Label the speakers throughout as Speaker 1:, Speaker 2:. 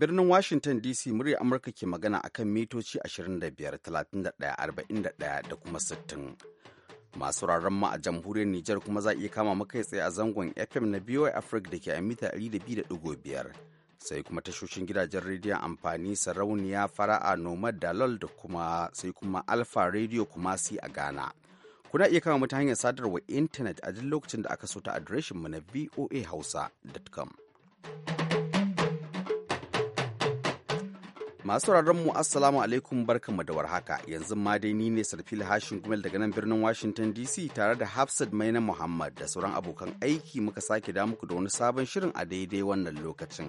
Speaker 1: birnin Washington DC murya Amurka ke magana a kan mitoci 25, 31, 41 da kuma 60. Masu raron ma a jamhuriyar Nijar kuma za a iya kama makai tsaye a zangon FM na boi Africa da ke a mita 200.5. Sai kuma tashoshin gidajen rediyon amfani sarauniya fara'a nomad dalol da kuma sai kuma alfa radio kuma si a Ghana. Kuna iya kama mata hanyar sadarwa intanet a duk lokacin da aka so ta adireshin mu na hausa.com. Masu mu Assalamu alaikum barkanmu da warhaka yanzu ma dai ni ne Sarfil Hashin Gumel daga nan birnin Washington DC tare da Hafsat Maina Muhammad da sauran abokan aiki muka sake da muku da wani sabon shirin a daidai wannan lokacin.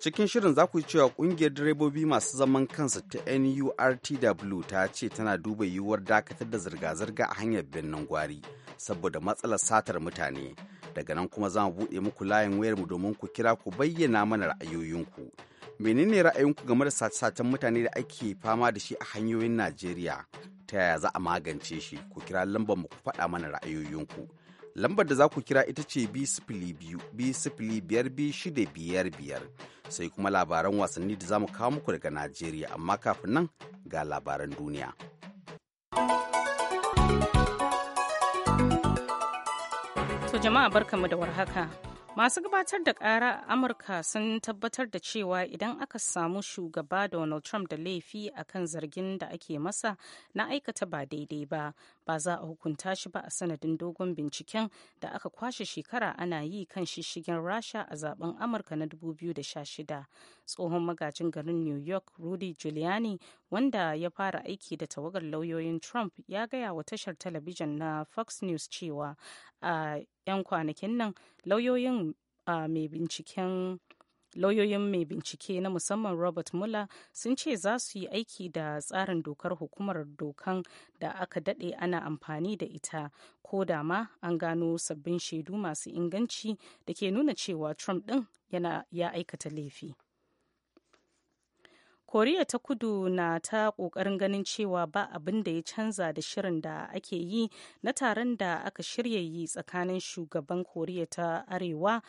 Speaker 1: Cikin shirin za ku cewa kungiyar direbobi masu zaman kansa ta NURTW ta ce tana duba yiwuwar dakatar da zirga-zirga a hanyar birnin gwari saboda matsalar satar mutane. Daga nan kuma za mu buɗe muku layin wayarmu domin ku kira ku bayyana mana ra'ayoyinku. menene ra'ayinku game da sace-sacen mutane da ake fama da shi a hanyoyin najeriya ta yaya za a magance shi ku kira lambar mu ku faɗa mana ra'ayoyinku lambar da za ku kira ita ce b biyar shida biyar biyar sai kuma labaran wasanni da za mu kawo muku daga najeriya amma kafin nan ga labaran duniya
Speaker 2: to jama'a barkamu da warhaka masu gabatar da kara amurka sun tabbatar da cewa idan aka samu shugaba donald trump da laifi akan zargin da ake masa na aikata ba daidai ba ba za a hukunta shi ba a sanadin dogon binciken da aka kwashe shekara ana yi kan shishigin rasha a zaben amurka na 2016 tsohon magajin garin new york rudy giuliani wanda ya fara aiki da tawagar lauyoyin trump ya gaya wa tashar talabijin na fox news cewa a 'yan kwanakin nan lauyoyin mai binciken lauyoyin mai bincike na musamman robert Muller sun ce za su yi aiki da tsarin dokar hukumar dokan da aka dade ana amfani da ita ko da ma an gano sabbin shaidu masu inganci da ke nuna cewa trump din yana ya aikata laifi koriya ta kudu na ta kokarin ganin cewa ba abin da ya canza da shirin da ake yi na taron da aka shirya yi tsakanin shugaban koriya ta arewa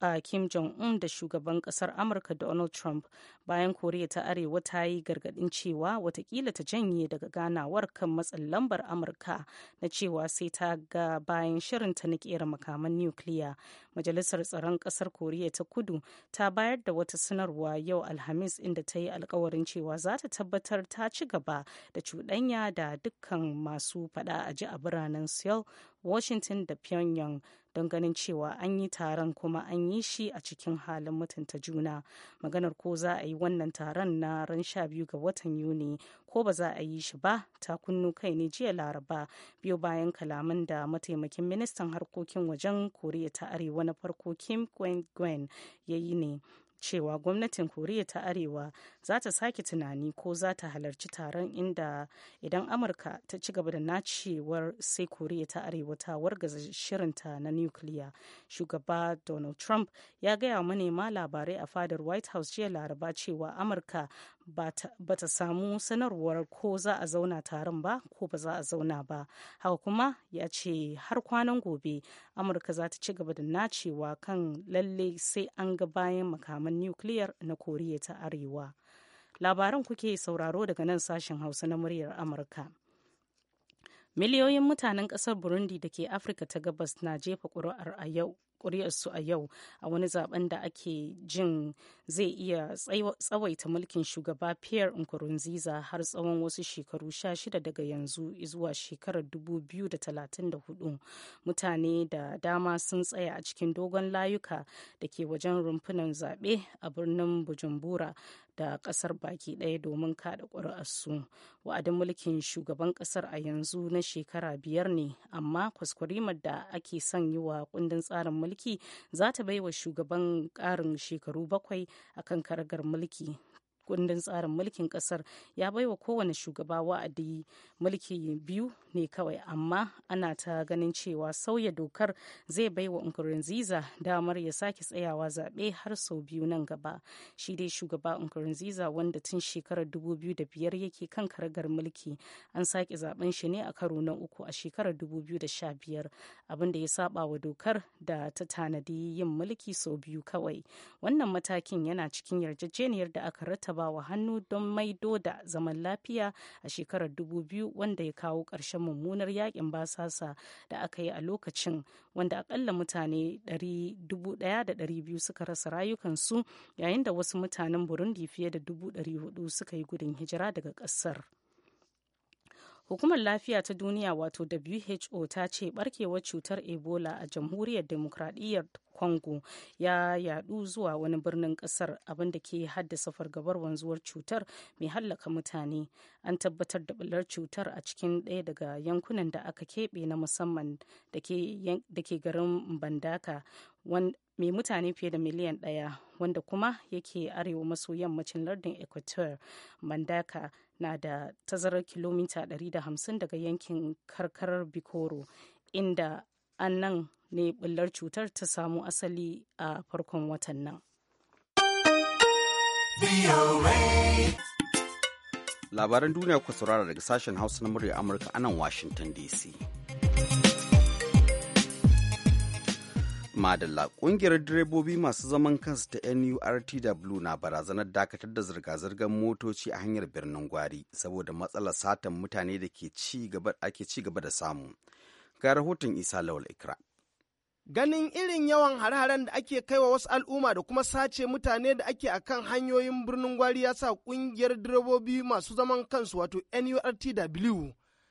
Speaker 2: a Kim Jong-un da shugaban kasar Amurka Donald Trump bayan Koriya ta Arewa ta yi gargadin cewa watakila ta janye daga ganawar kan matsin lambar Amurka na cewa sai ta ga bayan shirinta na kera makaman nukiliya. Majalisar tsaron kasar Koriya ta Kudu ta bayar da wata sanarwa yau Alhamis inda ta yi alkawarin cewa za ta tabbatar ta ci gaba da cuɗanya da dukkan masu faɗa a ji a biranen Seoul washington da pyongyang don ganin cewa an yi taron kuma an yi shi a cikin halin mutunta juna maganar ko za a yi wannan taron na ran sha biyu ga watan yuni ko ba za a yi shi ba ta kunnu kai ne jiya laraba biyu bayan kalaman da mataimakin ministan harkokin wajen koriya ta arewa na farko kim gwen ya yi ne cewa gwamnatin koriya ta arewa za ta sake tunani ko za ta halarci taron inda idan amurka ta ci gaba da nacewar sai koriya ta arewa ta wargaza shirinta na nukiliya shugaba donald trump ya gaya manema labarai a fadar white house jiya laraba cewa amurka ba ta samu sanarwar ko za a zauna taron ba ko ba za a zauna ba haka kuma ya ce har kwanan gobe amurka za ta ci gaba da nacewa kan lalle sai an ga bayan makaman nukiliyar na koriya ta arewa labaran kuke sauraro daga nan sashen hausa na muryar amurka miliyoyin mutanen kasar burundi da ke afirka ta gabas na jefa ƙuri'ar su a yau a wani zaben da ake jin zai iya tsawaita mulkin shugaba pierre nkurunziza har tsawon wasu shekaru sha shida daga yanzu zuwa shekarar 2034 mutane da dama sun tsaya a cikin dogon layuka da ke wajen rumfunan zaɓe a birnin bujumbura da ƙasar baki ɗaya domin kaɗa ƙuri'arsu wa'adin mulkin shugaban ƙasar a yanzu na shekara biyar ne amma kwaskwarimar da ake son yi wa kundin tsarin mulki za ta baiwa shugaban ƙarin shekaru bakwai akan karagar mulki kundin tsarin mulkin kasar ya baiwa kowane shugaba wa'adi mulki biyu ne kawai amma ana ta ganin cewa sauya dokar zai baiwa nkurunziza damar ya sake tsayawa zaɓe har sau biyu nan gaba shi dai shugaba nkurunziza wanda tun shekarar dubu biyu da biyar yake kan karagar mulki an sake zaben shi ne a karo na uku a shekarar da sha biyar abin da ya saba wa dokar da ta tanadi yin mulki sau biyu kawai wannan matakin yana cikin yarjejeniyar da aka rataba. rattaba hannu don maido da zaman lafiya a shekarar 2000 wanda ya kawo ƙarshen mummunar yakin basasa da aka yi a lokacin wanda akalla mutane 1,200 suka rasa rayukansu yayin da wasu mutanen burundi fiye da 400 suka yi gudun hijira daga ƙasar. Hukumar Lafiya ta Duniya wato WHO ta ce barkewar cutar Ebola a Jamhuriyar Demokradiyyar Congo ya yadu zuwa wani birnin kasar abinda ke haddasa fargabar wanzuwar cutar mai hallaka mutane. An tabbatar da bular cutar a cikin ɗaya daga yankunan da aka keɓe na musamman da ke garin Bandaka mai mutane fiye da miliyan ɗaya wanda kuma yake arewa maso yammacin lardin Equateur. Bandaka na da tazarar kilomita 150 daga yankin karkarar bikoro inda an ne bullar cutar ta samu asali a farkon watan nan
Speaker 1: labaran duniya ku saurara daga sashen hausa na murya amurka anan washington dc Madalla kungiyar direbobi masu zaman kansu ta NURTW na barazanar dakatar da zirga-zirgar motoci a hanyar birnin Gwari saboda matsalar satan mutane da ke ci gaba da samu. Ga rahoton Isa Lawal Ikra.
Speaker 3: ganin irin yawan hare-haren da ake kai wa wasu al'umma da kuma sace mutane da ake a kan hanyoyin birnin gwari ya sa kungiyar direbobi masu zaman kansu wato nurtw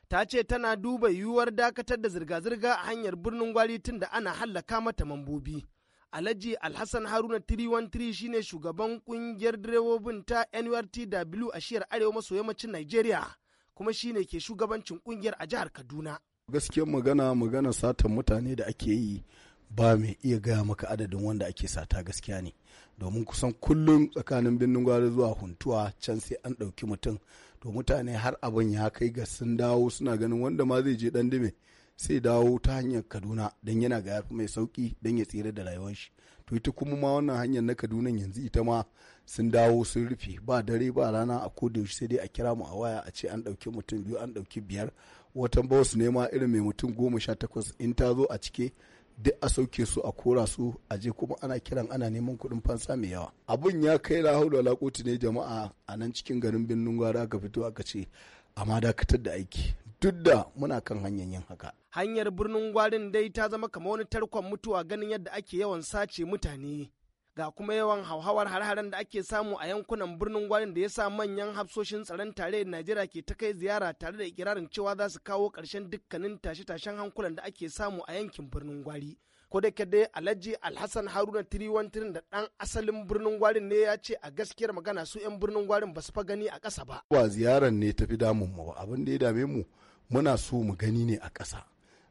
Speaker 3: ta ce tana duba yiwuwar dakatar da zirga-zirga a hanyar birnin gwari tun da ana hallaka mata mambobi. Alhaji Alhassan Haruna 313 shine shugaban kungiyar direbobin ta NURTW a shiyar Arewa maso yammacin Najeriya kuma shine ke shugabancin kungiyar a jihar Kaduna.
Speaker 4: Gaskiyar magana magana satan mutane da ake yi ba mai iya gaya maka adadin wanda ake sata gaskiya ne domin kusan kullum tsakanin birnin gwari zuwa huntuwa can sai an ɗauki mutum to mutane har abin ya kai ga sun dawo suna ganin wanda ma zai je dan dime sai dawo ta hanyar kaduna don yana ga yafi mai sauki don ya tsira da rayuwar shi to ita kuma ma wannan hanyar na kaduna yanzu ita ma sun dawo sun rufe ba dare ba rana a koda yaushe sai dai a kira mu a waya a ce an ɗauki mutum biyu an ɗauki biyar watan bawa su nema irin mai mutum goma sha takwas in ta zo a cike duk a sauke su a kora su a je kuma ana kiran ana neman kuɗin fansa mai yawa abun ya kai la haula ne jama'a a nan cikin garin birnin gwara aka fito aka ce amma dakatar da aiki duk da muna kan hanyar yin haka
Speaker 3: hanyar birnin gwarin dai ta zama kamar wani tarkon mutuwa ganin yadda ake yawan sace mutane ga kuma yawan hauhawar har-haren da ake samu a yankunan birnin gwarin da ya sa manyan hafsoshin tsaron tare da najeriya ke ta kai ziyara tare da ikirarin cewa za su kawo ƙarshen dukkanin tashe-tashen hankulan da ake samu a yankin birnin gwari ko da dai alhaji alhassan haruna tiriwantirin da dan asalin birnin gwarin ne ya ce a gaskiyar magana su 'yan birnin gwarin ba su fa gani a kasa ba
Speaker 4: ba ziyarar ne tafi damun mu ba abin da ya dame mu muna so mu gani ne a ƙasa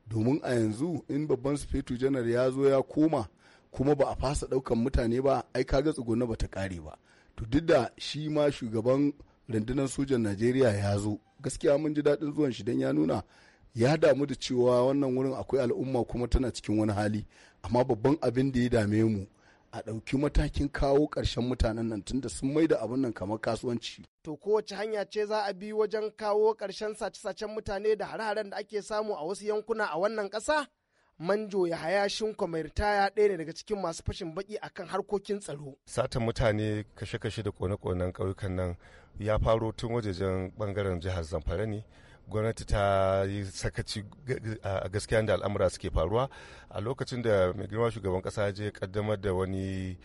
Speaker 4: domin a yanzu in babban sufetu janar ya zo ya koma kuma ba a fasa ɗaukan mutane ba ai ga tsugunna ba ta kare ba to duk da shi ma shugaban rundunar sojan najeriya ya zo gaskiya mun ji daɗin zuwan shi don ya nuna ya damu da cewa wannan wurin akwai al'umma kuma tana cikin wani hali amma babban abin da ya dame mu a ɗauki matakin kawo ƙarshen mutanen nan tunda sun mai da abin nan kamar kasuwanci.
Speaker 3: To kowace hanya ce za a bi wajen kawo ƙarshen sace-sacen mutane da hare-haren da ake samu a wasu yankuna a wannan kasa. manjo ya haya shinko mai ritaya ɗaya ne daga cikin masu fashin baki akan harkokin tsaro satan mutane kashe-kashe da kone-konen ƙauyukan nan ya faro tun wajejen ɓangaren jihar zamfara ne gwamnati ta yi sakaci a gaskiya da al'amura suke faruwa a lokacin da mai girma shugaban ƙasa je kaddamar da wani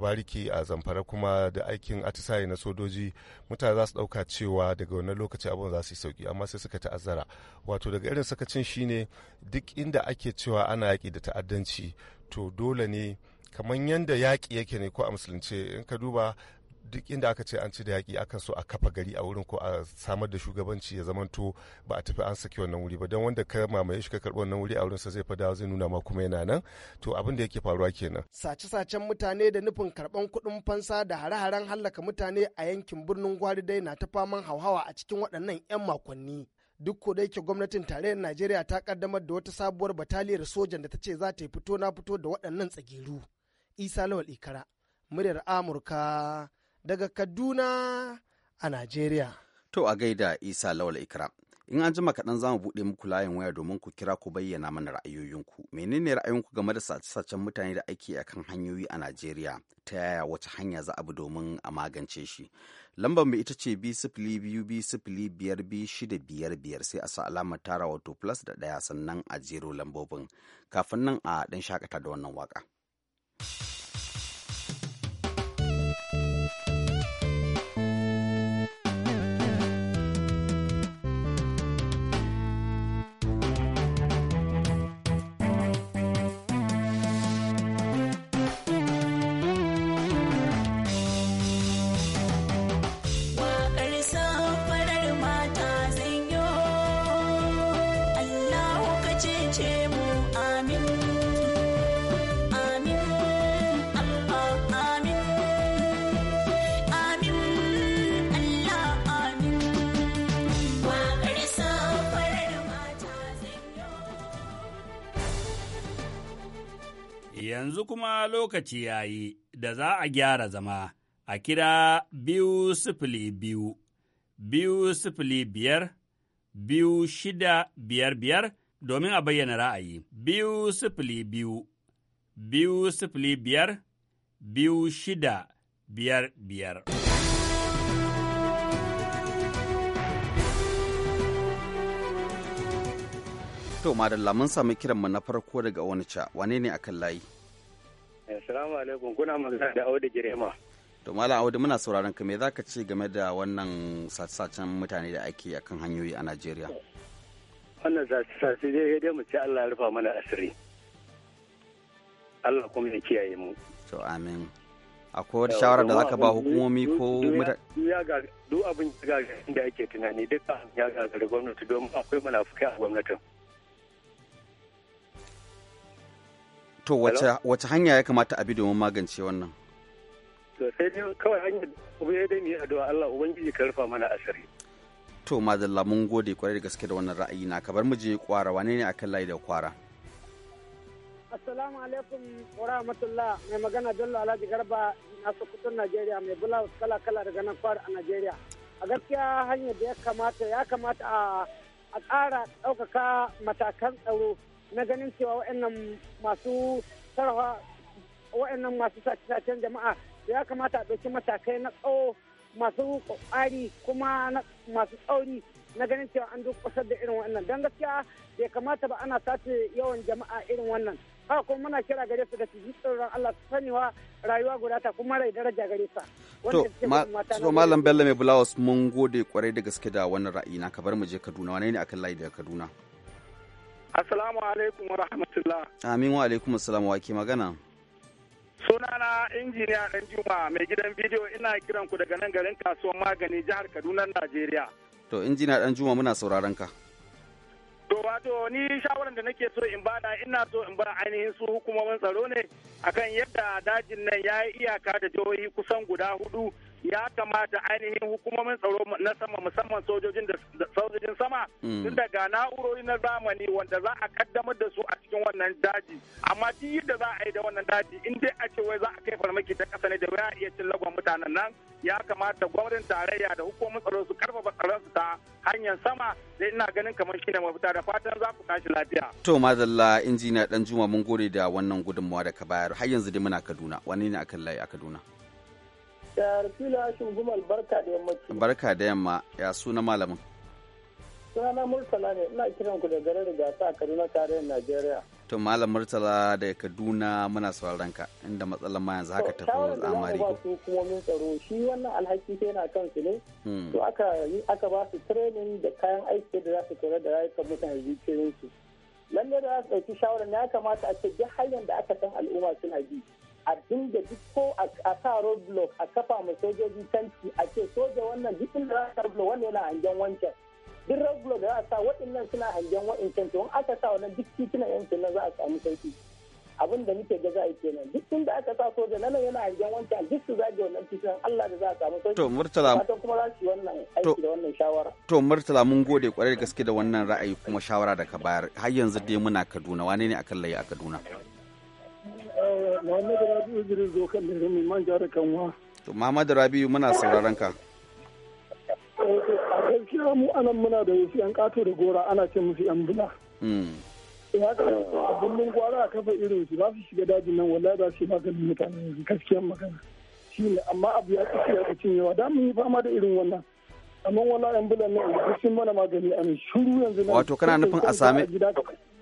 Speaker 3: bariki a zamfara kuma da aikin atisaye na sojoji mutane za su ɗauka cewa daga wannan lokaci abin za su yi sauki amma sai suka ta'azzara wato daga irin sakacin shine duk inda ake cewa ana yaƙi da ta'addanci to dole ne kamar yadda yaƙi yake ne ko a musulunce in ka duba duk inda aka ce an ci da yaƙi akan so a kafa gari a wurin ko a samar da shugabanci ya zamanto ba a tafi an saki wannan wuri ba don wanda ka mamaye shi ka karɓi wannan wuri a wurin sa zai fada zai nuna ma kuma yana nan to abin da yake faruwa kenan sace-sacen mutane da nufin karɓan kuɗin fansa da hare-haren hallaka mutane a yankin birnin gwari dai na ta faman hauhawa a cikin waɗannan 'yan makonni duk ko da yake gwamnatin tarayyar Najeriya ta kaddamar da wata sabuwar bataliyar sojan da ta ce za ta yi fito na fito da waɗannan tsagiru. Isa Lawal Ikara, muryar Amurka daga Kaduna a Najeriya.
Speaker 1: To a gaida Isa Lawal Ikra. In an jima kaɗan za mu buɗe muku layin waya domin ku kira ku bayyana mana ra'ayoyinku. Menene ra'ayinku game da sace-sacen mutane da ake a kan hanyoyi a Najeriya? Ta yaya wace hanya za a bi domin a magance shi? Lambar mai ita ce b sifili biyu b sifili biyar b shida biyar biyar sai a sa alamar tara wato plus da ɗaya sannan a jero lambobin. Kafin nan a ɗan shakata da wannan waƙa. kuma lokaci ya yi da za a gyara zama a kira biyu sifili biyu, biyu sifili biyar, biyu shida biyar biyar domin a bayyana ra'ayi. Biyu sifili biyu, biyu sifili biyar, biyu shida
Speaker 5: biyar biyar.
Speaker 1: To, Madalla, mun sami kiranmu na farko daga wani ca, wane ne akan layi?
Speaker 6: Assalamu alaikum kuna magana da Audu Girema.
Speaker 1: To Malam Audu muna sauraron ka me ka ce game da wannan sace-sacen mutane da ake kan hanyoyi a Najeriya?
Speaker 6: Wannan sace-sace dai dai mu ce Allah ya rufa mana asiri. Allah kuma ya kiyaye mu. To
Speaker 1: amin. Akwai wata shawara da zaka ba hukumomi ko
Speaker 7: mutane. duk abin da ake tunani duka ya gagari gwamnati domin akwai munafukai a gwamnatin.
Speaker 1: To wace hanya ya kamata a bi domin magance wannan?
Speaker 7: To sai dai kawai hanyar kuma ya dai ne addu'a Allah Ubangiji ka rufa mana asiri.
Speaker 1: To madalla mun gode kwarai da gaske da wannan ra'ayi na kabar mu je kwara wane ne akan layi da kwara?
Speaker 6: Assalamu alaikum wa rahmatullah mai magana Bello Alhaji Garba na Sokoton Najeriya mai bula kala kala daga nan kwara a Najeriya. A gaskiya hanyar da ya kamata ya kamata a ƙara ɗaukaka matakan tsaro na ganin cewa waɗannan masu sarrafa waɗannan masu sace-sacen jama'a ya kamata a ɗauki matakai na tsawo masu ƙwari kuma masu tsauri na ganin cewa an duk kusur da irin wannan don gaskiya bai kamata ba ana sace yawan jama'a irin wannan haka kuma muna kira gare su da su tsoron Allah su sanewa rayuwa guda ta kuma rai daraja gare sa to malam
Speaker 1: bello mai bulawas mun gode kwarai da gaske da wannan ra'ayi na ka bar mu je kaduna wane ne akan layi daga kaduna
Speaker 7: Assalamu alaikum wa rahmatullah.
Speaker 1: Amin wa alaikum assalam wa ke magana.
Speaker 7: Sunana
Speaker 6: injiniya ɗan Juma mai gidan bidiyo ina kiran ku daga nan garin kasuwan magani jihar Kaduna Najeriya.
Speaker 1: To injiniya ɗan Juma muna sauraron ka.
Speaker 6: To wato ni shawaran da nake so in bada ina so in bar ainihin su hukumomin tsaro ne akan yadda dajin nan ya yi iyaka da jihohi kusan guda hudu ya kamata ainihin hukumomin tsaro na sama musamman sojojin da sojojin sama mm. tun daga na'urori na zamani wanda za a kaddamar da su a cikin wannan daji amma duk yadda za a yi da wannan daji in dai a ce wai za a kai farmaki ta kasa ne da waya iya cin lagon mutanen nan ya kamata gwamnatin tarayya da hukumomin tsaro su karfafa
Speaker 1: tsaron su ta hanyar sama dai ina ganin kamar shine mafita da fatan za ku tashi lafiya to mazalla injiniya dan juma mun gode da wannan gudunmawa da ka bayar har yanzu dai muna Kaduna wani ne akan layi a Kaduna
Speaker 7: Yarfila Shingumal barka da yammaci.
Speaker 1: Barka da yamma ya suna malamin.
Speaker 6: Sunana Murtala ne ina kiran ku da garin gasa a Kaduna tarayyar Najeriya.
Speaker 1: To Malam Murtala da Kaduna muna sauraron ka inda matsalar ma yanzu haka tafi tsamari. Ba
Speaker 6: su mun tsaro shi wannan alhaki sai yana kan su ne. Hmm. To aka yi aka ba su training da kayan aiki da za su kore da rayukan mutane jikiyoyin su. Lallai da za su ɗauki shawarar ya kamata a ce duk hanyar da aka san al'umma suna bi. a dinga duk ko a sa roadblock a kafa ma sojoji tanti a ce soja wannan duk inda za a roadblock wannan yana hangen wancan duk roadblock da za a sa waɗannan suna hangen wa'incan to in aka sa wannan duk titunan yankin nan za a samu sauki abin da muke ga za a yi kenan duk inda aka sa soja nan yana hangen wancan duk su zage wannan titunan Allah da za a samu sauki to murtala fatan kuma za su yi wannan aiki da wannan
Speaker 7: shawara
Speaker 1: to murtala mun gode kwarai da gaske da wannan ra'ayi kuma shawara da ka bayar har yanzu dai muna Kaduna wane ne akan layi a Kaduna
Speaker 7: Muhammad Rabi'u Idris zo kan da kanwa.
Speaker 1: To Muhammad Rabi'u muna sauraron ka.
Speaker 7: A gaskiya mu anan muna da wasu yan kato da gora ana ce musu yan bula. Ya hmm. eh, ka abin gwara a kafa irin su za su shiga dajin nan wallahi za su yi maganin mutane gaskiyar magana. Shi ne amma abu ya ci ya ci yawa da mun yi fama da irin wannan. amma wala yan ne a cikin mana magani a shuru yanzu wato kana nufin a sami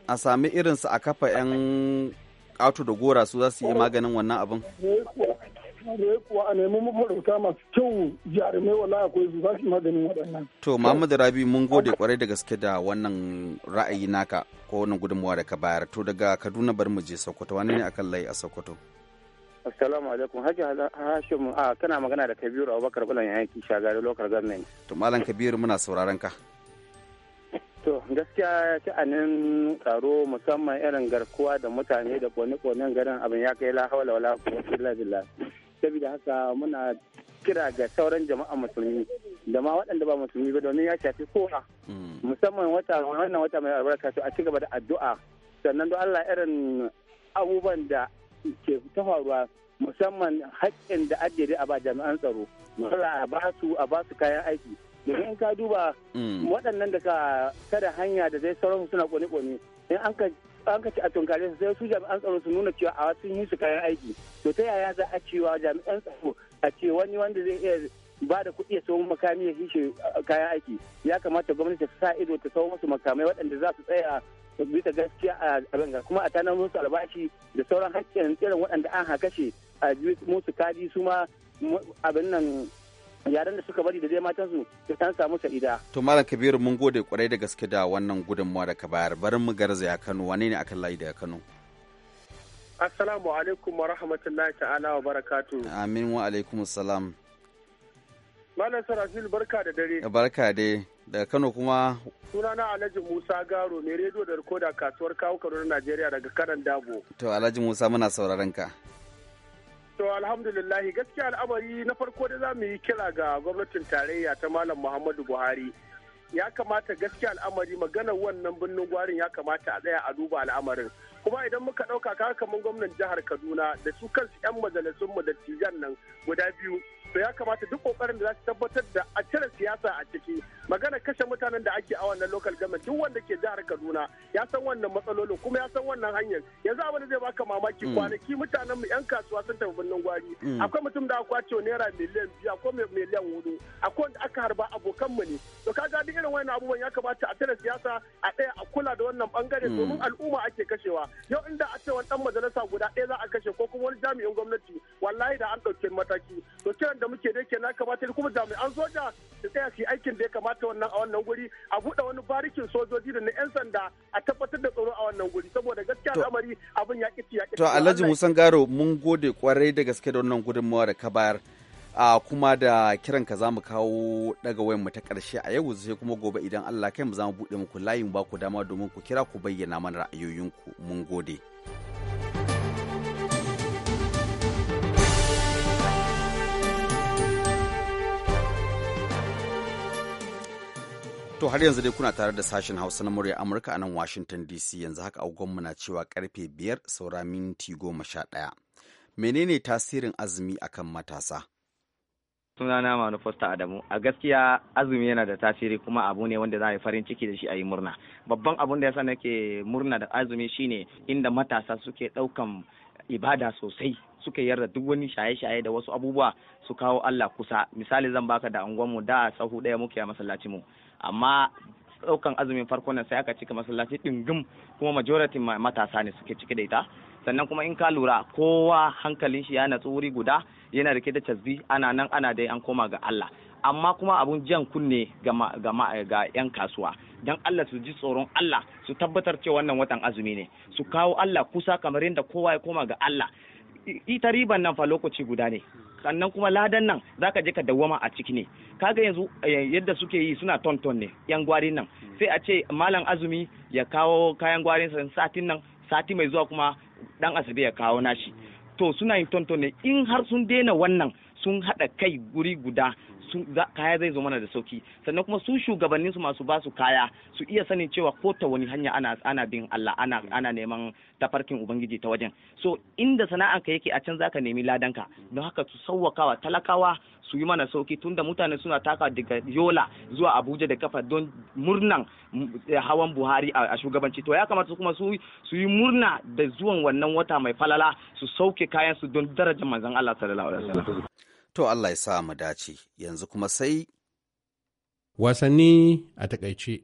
Speaker 1: a sami irin su a kafa yan ƙato da gora su za su yi maganin wannan abin
Speaker 7: da a nemi mafarauta masu kyau jarumai wala akwai su za maganin waɗannan.
Speaker 1: To Muhammadu Rabi mun gode kwarai da gaske da wannan ra'ayi naka ko wannan gudunmawa da ka bayar. To daga Kaduna bar mu je Sokoto wani ne a kan layi a Sokoto?
Speaker 6: Assalamu alaikum Hajji Hashim a kana magana da Kabiru Abubakar Bulan yanki shagari local government.
Speaker 1: To Malam Kabiru muna sauraron ka.
Speaker 6: To gaskiya sha'anin tsaro musamman irin garkuwa da mutane da kone-konen garin abin ya kai lahawala wala kuwa billah. Saboda haka muna kira ga sauran jama'a musulmi da ma waɗanda ba musulmi ba domin ya shafi kowa. Hmm. Musamman wata wannan wata mai albarka to a ci gaba da addu'a. Sannan don Allah irin abubuwan da ke ta faruwa musamman haƙƙin da ajiye a ba jami'an tsaro. Hmm. Allah a ba su a ba su kayan aiki. domin in ka duba mm. waɗannan da ka kada hanya da zai sauran suna kone-kone in an ka ci a tunkare sai su jami'an tsaro su nuna cewa a sun yi su kayan aiki to ta yaya za a cewa jami'an tsaro a ce wani wanda zai iya ba da kuɗi ya sau makami ya shi uh, kayan aiki ya kamata gwamnati ta sa ido ta sau musu makamai waɗanda za su tsaya bisa gaskiya a ranga kuma a tanar musu albashi da sauran haƙƙin irin waɗanda an hakashe a musu kadi su ma abin nan yaran da suka bari da zai matan su ta san samu sa'ida
Speaker 1: to malam kabiru mun gode kwarai da gaske da wannan gudunmuwa da ka bayar barin mu ya Kano wane ne akan layi da ya Kano
Speaker 7: Assalamu alaikum wa rahmatullahi ta'ala wa barakatu.
Speaker 1: Amin wa alaikum salam.
Speaker 7: Malam Sarafil barka da dare. Eh,
Speaker 1: barka dai. Daga Kano kuma.
Speaker 7: Sunana Alhaji Musa Garo mai rediyo da rikoda kasuwar kawo na Najeriya daga kanan Dabo.
Speaker 1: To Alhaji Musa muna sauraron ka.
Speaker 7: To alhamdulillahi gaskiya al'amari na farko da za mu yi kira ga gwamnatin tarayya ta Malam Muhammadu Buhari. Ya kamata gaskiya al'amari magana wannan birnin gwarin ya kamata a tsaya a duba al'amarin. Kuma idan muka ɗauka kaga kamar gwamnan jihar Kaduna da su kansu 'yan majalisun mu da tijan nan guda biyu to ya kamata duk kokarin da za su tabbatar da a cire siyasa a ciki magana kashe mutanen da ake a wannan local government duk wanda ke jihar Kaduna ya san wannan matsalolin kuma ya san wannan hanyar yanzu abin da zai baka mamaki mm. kwanaki mutanen mu yan kasuwa sun tafi birnin gwari mm. akwai mutum da aka naira miliyan biyu akwai miliyan hudu akwai wanda aka harba abokan mu ne to kaga duk irin wannan abubuwan ya kamata a cire siyasa a ɗaya a kula da wannan bangare mm. domin al'umma ake kashewa yau inda a ce wani dan majalisa guda ɗaya za a kashe ko kuma wani jami'in gwamnati wallahi da an ɗauki mataki to kiran da muke da yake na kamata kuma jami'an soja su tsaya su yi aikin da ya kamata wannan a wannan guri a buɗe wani barikin sojoji da na 'yan sanda a tabbatar da tsaro a wannan guri saboda gaskiya al'amari abin ya kici ya kici to Alhaji Musan
Speaker 1: Garo mun gode kwarai da gaske da wannan gudunmawa da ka bayar a kuma da kiran ka zamu kawo daga wayan mu ta karshe a yau sai kuma gobe idan Allah kai mu zamu buɗe muku layin ba ku dama domin ku kira ku bayyana mana ra'ayoyinku mun gode. To har yanzu dai kuna tare da sashen Hausa na murya Amurka a nan Washington DC yanzu haka agogonmu na cewa karfe biyar saura minti goma sha ɗaya. Menene tasirin azumi akan matasa?
Speaker 8: sunana fosta adamu a gaskiya azumi yana da tasiri kuma abu ne wanda za a yi farin ciki da shi a yi murna babban abun da ya sa nake murna da azumi shine inda matasa suke ɗaukan ibada sosai suka yarda duk wani shaye-shaye da wasu abubuwa su kawo Allah kusa misali zan baka da mu da sahu ɗaya muke a masallaci mu amma ɗaukan azumin farko nan sai aka cika masallaci ɗingim kuma majority matasa ne suke cike da ita sannan kuma in ka lura kowa hankalin shi ya natsu wuri guda yana rike da tazbi ana nan ana dai an koma ga Allah amma kuma abun jan kunne ga 'yan kasuwa don Allah su ji tsoron Allah su tabbatar cewa wannan watan azumi ne su kawo Allah kusa kamar yadda kowa ya koma ga Allah ita riban nan fa lokaci guda ne sannan kuma ladan nan zaka je ka dawwama a ciki ne kaga yanzu eh, yadda suke yi suna tonton ne yan gwarin nan sai a ce malam azumi ya kawo kayan gwarin satin nan sati mai zuwa kuma dan asibi ya kawo nashi to suna yin tonton ne in har sun daina wannan sun haɗa kai guri guda kaya zai zo mana da sauki sannan kuma su shugabannin su masu basu kaya su iya sanin cewa ko ta wani hanya ana ana bin Allah ana ana neman tafarkin ubangiji ta wajen so inda ka yake a can zaka nemi ladan ka don haka su sauwakawa talakawa su yi mana sauki tunda mutane suna taka daga yola zuwa abuja da kafa don murnan eh, hawan buhari a shugabanci to ya kamata kuma su yi murna da zuwan wannan wata mai falala su sauke kayan su don darajar manzon allah sallallahu alaihi wasallam To
Speaker 1: Allah ya sa mu dace, yanzu kuma sai. Wasanni
Speaker 5: a takaice.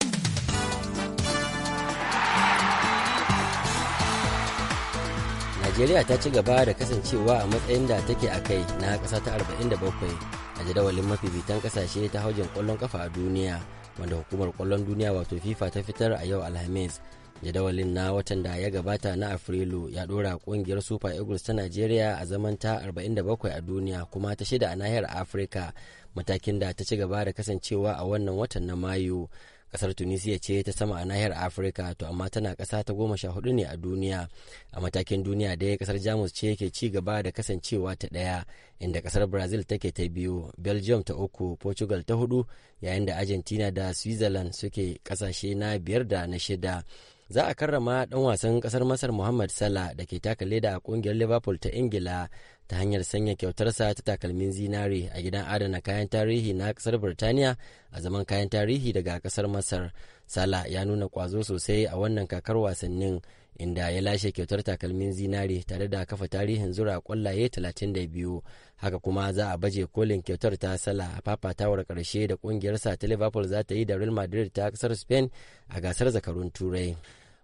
Speaker 5: Najeriya ta ci gaba da kasancewa a matsayin da take a kai na ƙasa ta 47 a jadawalin mafifitan ƙasashe ta haujin ƙwallon ƙafa a duniya wanda hukumar ƙwallon duniya wato FIFA ta fitar a yau Alhamis. jadawalin na watan da ya gabata na afrilu ya dora kungiyar super eagles ta nigeria a zaman ta 47 a duniya kuma ta shida a nahiyar afirka matakin da ta ci gaba da kasancewa a wannan watan na mayu kasar tunisia ce ta sama a nahiyar afirka to amma tana kasa ta goma sha hudu ne a duniya a matakin duniya dai kasar jamus ce ke ci gaba da kasancewa ta daya inda kasar brazil take ta biyu belgium ta uku portugal ta hudu yayin da argentina da switzerland suke kasashe na biyar da na shida za a karrama ɗan wasan ƙasar masar muhammad sala da ke taka leda a ƙungiyar liverpool ta ingila ta hanyar sanya kyautarsa ta takalmin zinare a gidan adana kayan tarihi na ƙasar birtaniya a zaman kayan tarihi daga ƙasar masar sala ya nuna ƙwazo sosai a wannan kakar wasannin inda ya lashe kyautar takalmin zinare tare da kafa tarihin zura kwallaye 32 haka kuma za a baje kolin kyautar ta sala a fafatawar ƙarshe da ƙungiyarsa ta liverpool za ta yi da real madrid ta kasar spain a gasar zakarun turai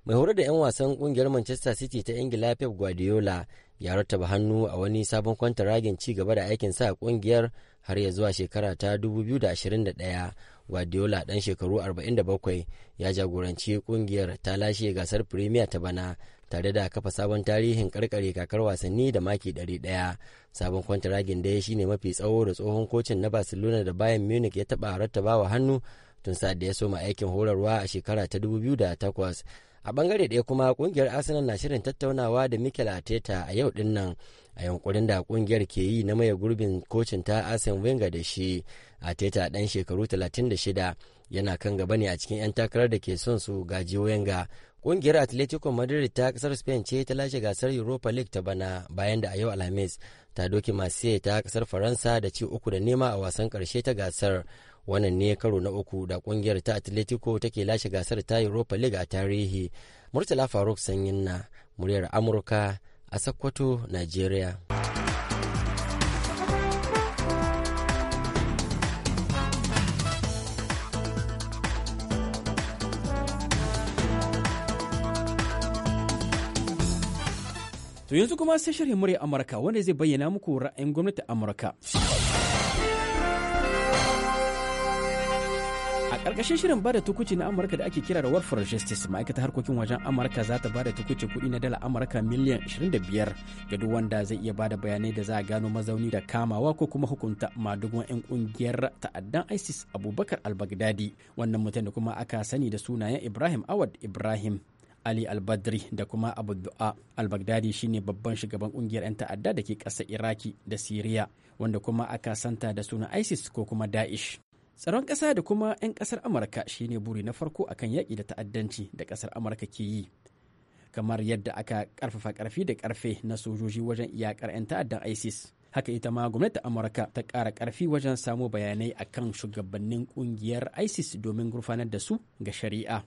Speaker 5: mai horar da 'yan wasan kungiyar manchester city ta ingila pep guardiola ya rattaba hannu a wani sabon kwantaragin ci gaba da aikin sa a kungiyar har ya zuwa shekara ta 2021 guardiola dan shekaru 47 ya jagoranci kungiyar ta lashe gasar premier ta bana tare da kafa sabon tarihin karkare kakar wasanni da maki 100 sabon kwantaragin da ya shine mafi tsawo da tsohon kocin na barcelona da bayan munich ya taba rattabawa hannu tun sa da ya soma aikin horarwa a shekara ta 2008 a bangare ɗaya kuma kungiyar arsenal na shirin tattaunawa da mikel ateta a yau din nan a yankurin da kungiyar ke yi na maye gurbin kocin ta arsene wenger da shi ateta dan shekaru 36 yana kan gaba ne a cikin 'yan takarar da ke son su gaji wenger kungiyar atletico madrid ta kasar spain ce ta lashe gasar europa league ta bana bayan da a yau alhamis ta doki marseille ta kasar faransa da ci uku da nema a wasan karshe ta gasar wannan ne karo na uku da kungiyar ta atletico take lashe gasar ta europa league a tarihi murtala faruk sanyin na muryar amurka a sakkwato nigeria
Speaker 9: To yanzu kuma sai shirin murya Amurka wanda zai bayyana muku ra'ayin gwamnatin Amurka. karkashin shirin bada tukuci na amurka da ake kira da for justice ma'aikatar harkokin wajen amurka za ta bada tukuci kuɗi na dala amurka miliyan 25 ga duk wanda zai iya bada bayanai da za a gano mazauni da kamawa ko kuma hukunta madugun 'yan kungiyar ta'addan isis abubakar albagdadi baghdadi wannan mutum da kuma aka sani da sunayen ibrahim awad ibrahim Ali Albadri da kuma Abu albagdadi Al-Baghdadi shine babban shugaban kungiyar 'yan ta'adda da ke kasa Iraki da Siriya wanda kuma aka santa da sunan ISIS ko kuma da'ish. Tsaron ƙasa da kuma 'yan ƙasar Amurka shine buri na farko a kan yaƙi da ta'addanci da ƙasar Amurka ke yi. Kamar yadda aka ƙarfafa ƙarfi da ƙarfe na sojoji wajen iyakar 'yan ta'addan ISIS. Haka ita ma gwamnati Amurka ta ƙara ƙarfi wajen samo bayanai akan shugabannin ƙungiyar ISIS domin gurfanar da su ga shari'a.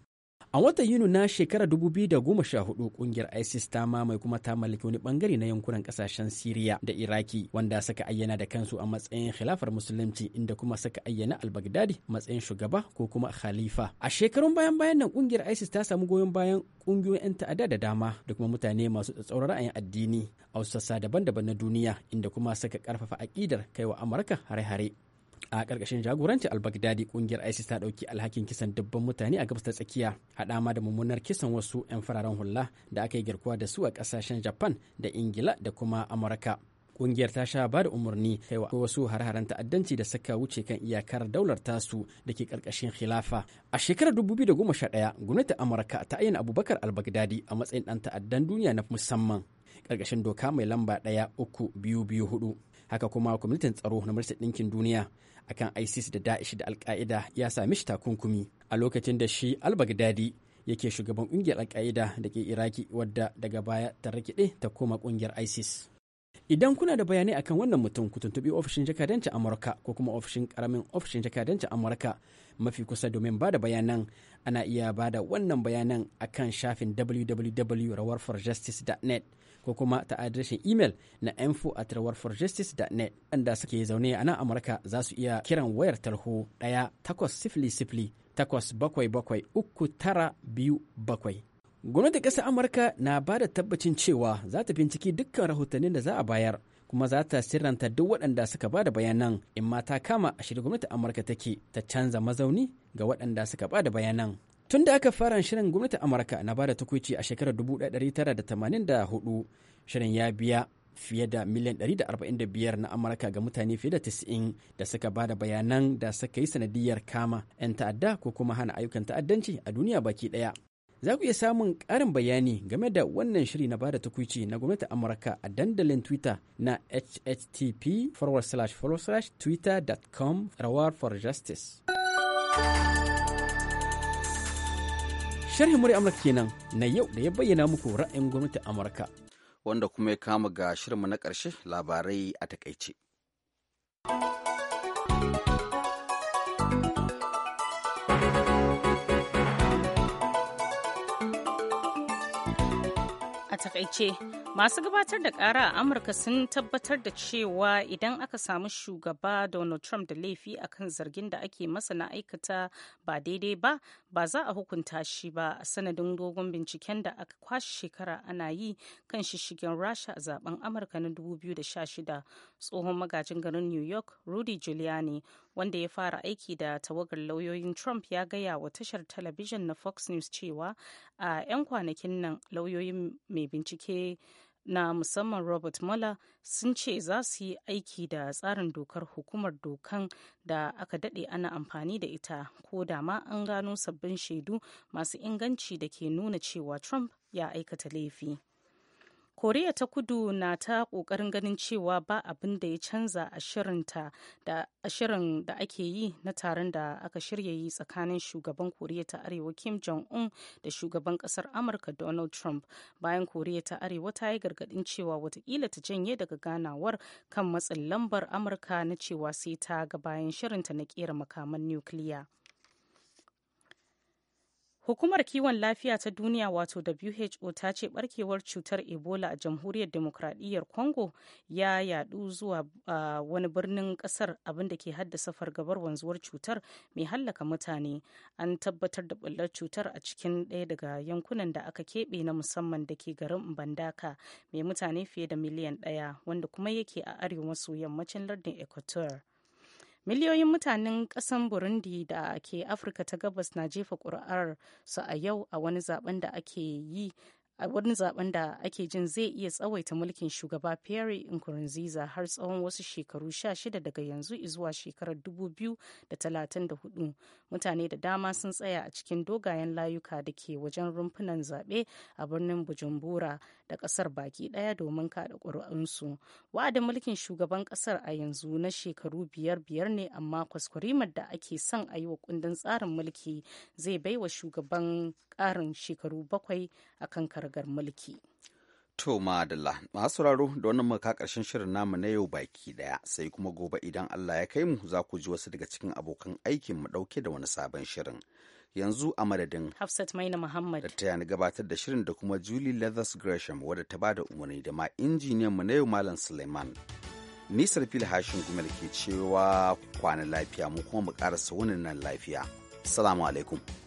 Speaker 9: A watan Yuni na shekarar 2014 kungiyar ISIS ta mamaye kuma ta mallaki wani bangare na yankunan kasashen Siriya da Iraki wanda suka ayyana da kansu a matsayin khilafar musulunci inda kuma suka ayyana albagdadi matsayin shugaba ko kuma khalifa. A shekarun bayan bayan nan kungiyar ISIS ta samu goyon bayan kungiyoyin 'yan ta'adda da dama da kuma mutane masu tsatsauran ra'ayin addini a sassa daban-daban na duniya inda kuma suka karfafa aƙidar kaiwa Amurka hare-hare. a ƙarƙashin jagoranci al-baghdadi ƙungiyar isis ta ɗauki alhakin kisan dubban mutane a gabas ta tsakiya haɗa ma da mummunar kisan wasu 'yan fararen hula da aka yi garkuwa da su a ƙasashen japan da ingila da kuma amurka ƙungiyar ta sha ba da umarni kai wasu har ta'addanci da suka wuce kan iyakar daular tasu da ke ƙarƙashin khilafa a shekarar 2011 gwamnatin amurka ta ayyana abubakar al-baghdadi a matsayin ɗan ta'addan duniya na musamman ƙarƙashin doka mai lamba ɗaya uku biyu haka kuma kwamitin tsaro na majalisar ɗinkin duniya akan isis da da'ish da alka'ida ya sami shi takunkumi a lokacin da shi al-baghdadi yake shugaban ƙungiyar alka'ida da ke iraki wadda daga baya ta rikide ta koma ƙungiyar isis idan kuna da bayanai akan wannan mutum ku tuntuɓi ofishin jakadancin amurka ko kuma ofishin karamin ofishin jakadancin amurka mafi kusa domin ba da bayanan ana iya ba da wannan bayanan akan shafin www.rawarforjustice.net ko kuma ta adireshin imel na info at net wanda suke zaune a nan amurka za su iya kiran wayar tarho ɗaya takwas sifili sifili takwas bakwai bakwai uku tara biyu bakwai gwamnatin ƙasar amurka na ba da tabbacin cewa za ta binciki dukkan rahotannin da za a bayar kuma za ta sirranta duk waɗanda suka ba da bayanan in ma ta kama a shirin gwamnatin amurka take ta canza mazauni ga waɗanda suka ba da bayanan Tun da aka fara shirin gwamnati Amurka na bada takwici a shekarar 1984 shirin ya biya fiye da miliyan 145 na Amurka ga mutane fiye da 90 da suka bada bayanan da suka yi sanadiyar kama 'yan ta'adda ko kuma hana ayyukan ta'addanci a duniya baki daya. Za ku iya samun ƙarin bayani game da wannan shiri na bada takwici na gwamnati Amurka a dandalin Twitter na http twitter.com rawarforjustice for justice. sharhi murya Amurka kenan na yau da ya bayyana muku ra'ayin
Speaker 1: gwamnatin Amurka. Wanda kuma ya kama ga shirinmu na ƙarshe labarai a takaice.
Speaker 2: A takaice, Masu gabatar da kara a Amurka sun tabbatar da cewa idan aka samu shugaba Donald Trump da laifi akan zargin da ake masa na aikata ba daidai ba, ba za a hukunta shi ba a sanadin dogon binciken da aka kwashe shekara ana yi kan shishigen Rasha a zaben Amurka na 2016. Tsohon magajin garin New York, Rudy Giuliani, wanda ya fara aiki da tawagar lauyoyin Trump ya gaya wa tashar talabijin na Fox News cewa a 'yan kwanakin nan lauyoyin mai bincike na musamman robert mueller sun ce za su yi aiki da tsarin dokar hukumar dokan da aka daɗe ana amfani da ita ko da ma an gano sabbin shaidu masu inganci da ke nuna cewa trump ya aikata laifi koriya ta kudu na ta ƙoƙarin ganin cewa ba abin da ya canza a da shirin da ake yi na taron da aka shirya yi tsakanin shugaban koriya ta arewa kim jong-un da shugaban ƙasar amurka donald trump bayan koriya ta arewa ta yi gargaɗin cewa watakila ta janye daga ganawar kan matsin lambar amurka na cewa sai ta ga bayan shirinta na ƙera makaman nukiliya. Hukumar kiwon lafiya ta duniya wato WHO ta ce barkewar cutar Ebola a jamhuriyar demokradiyyar Congo ya yadu zuwa uh, wani birnin kasar abinda ke haddasa fargabar wanzuwar cutar mai hallaka mutane. An tabbatar da bullar cutar a cikin ɗaya daga yankunan da aka keɓe na musamman da ke garin Bandaka mai mutane fiye da miliyan ɗaya wanda kuma yake a arewa maso yammacin lardin Equateur. miliyoyin mutanen ƙasan burundi da ke afirka ta gabas na jefa ƙuri'ar su a yau a wani zaben da ake yi a wani zaben da ake jin zai iya tsawaita mulkin shugaba pierre nkurunziza har tsawon wasu shekaru sha shida daga yanzu zuwa shekarar 2034 mutane da dama sun tsaya a cikin dogayen layuka da ke wajen rumfunan zaɓe a birnin bujumbura da ƙasar baki ɗaya domin kaɗa ƙuri'unsu wa'adin mulkin shugaban ƙasar a yanzu na shekaru biyar biyar ne amma kwaskwarimar da ake son a yi wa kundin tsarin mulki zai baiwa shugaban ƙarin shekaru bakwai a kan karagar mulki.
Speaker 1: To madalla masu sauraro da wannan maka ƙarshen shirin namu na yau baki ɗaya sai kuma gobe idan Allah ya kai mu za ku ji wasu daga cikin abokan aikin mu dauke da wani sabon shirin. Yanzu a madadin
Speaker 2: Hafsat Maina Muhammad da
Speaker 1: ta gabatar da shirin da kuma Julie Leathers Gresham wadda ta ba da umarni da ma injiniyan mu na yau Malam Suleiman. Nisar fil hashim gumel ke cewa kwana lafiya mu kuma mu ƙarasa wani nan lafiya. Salamu alaikum.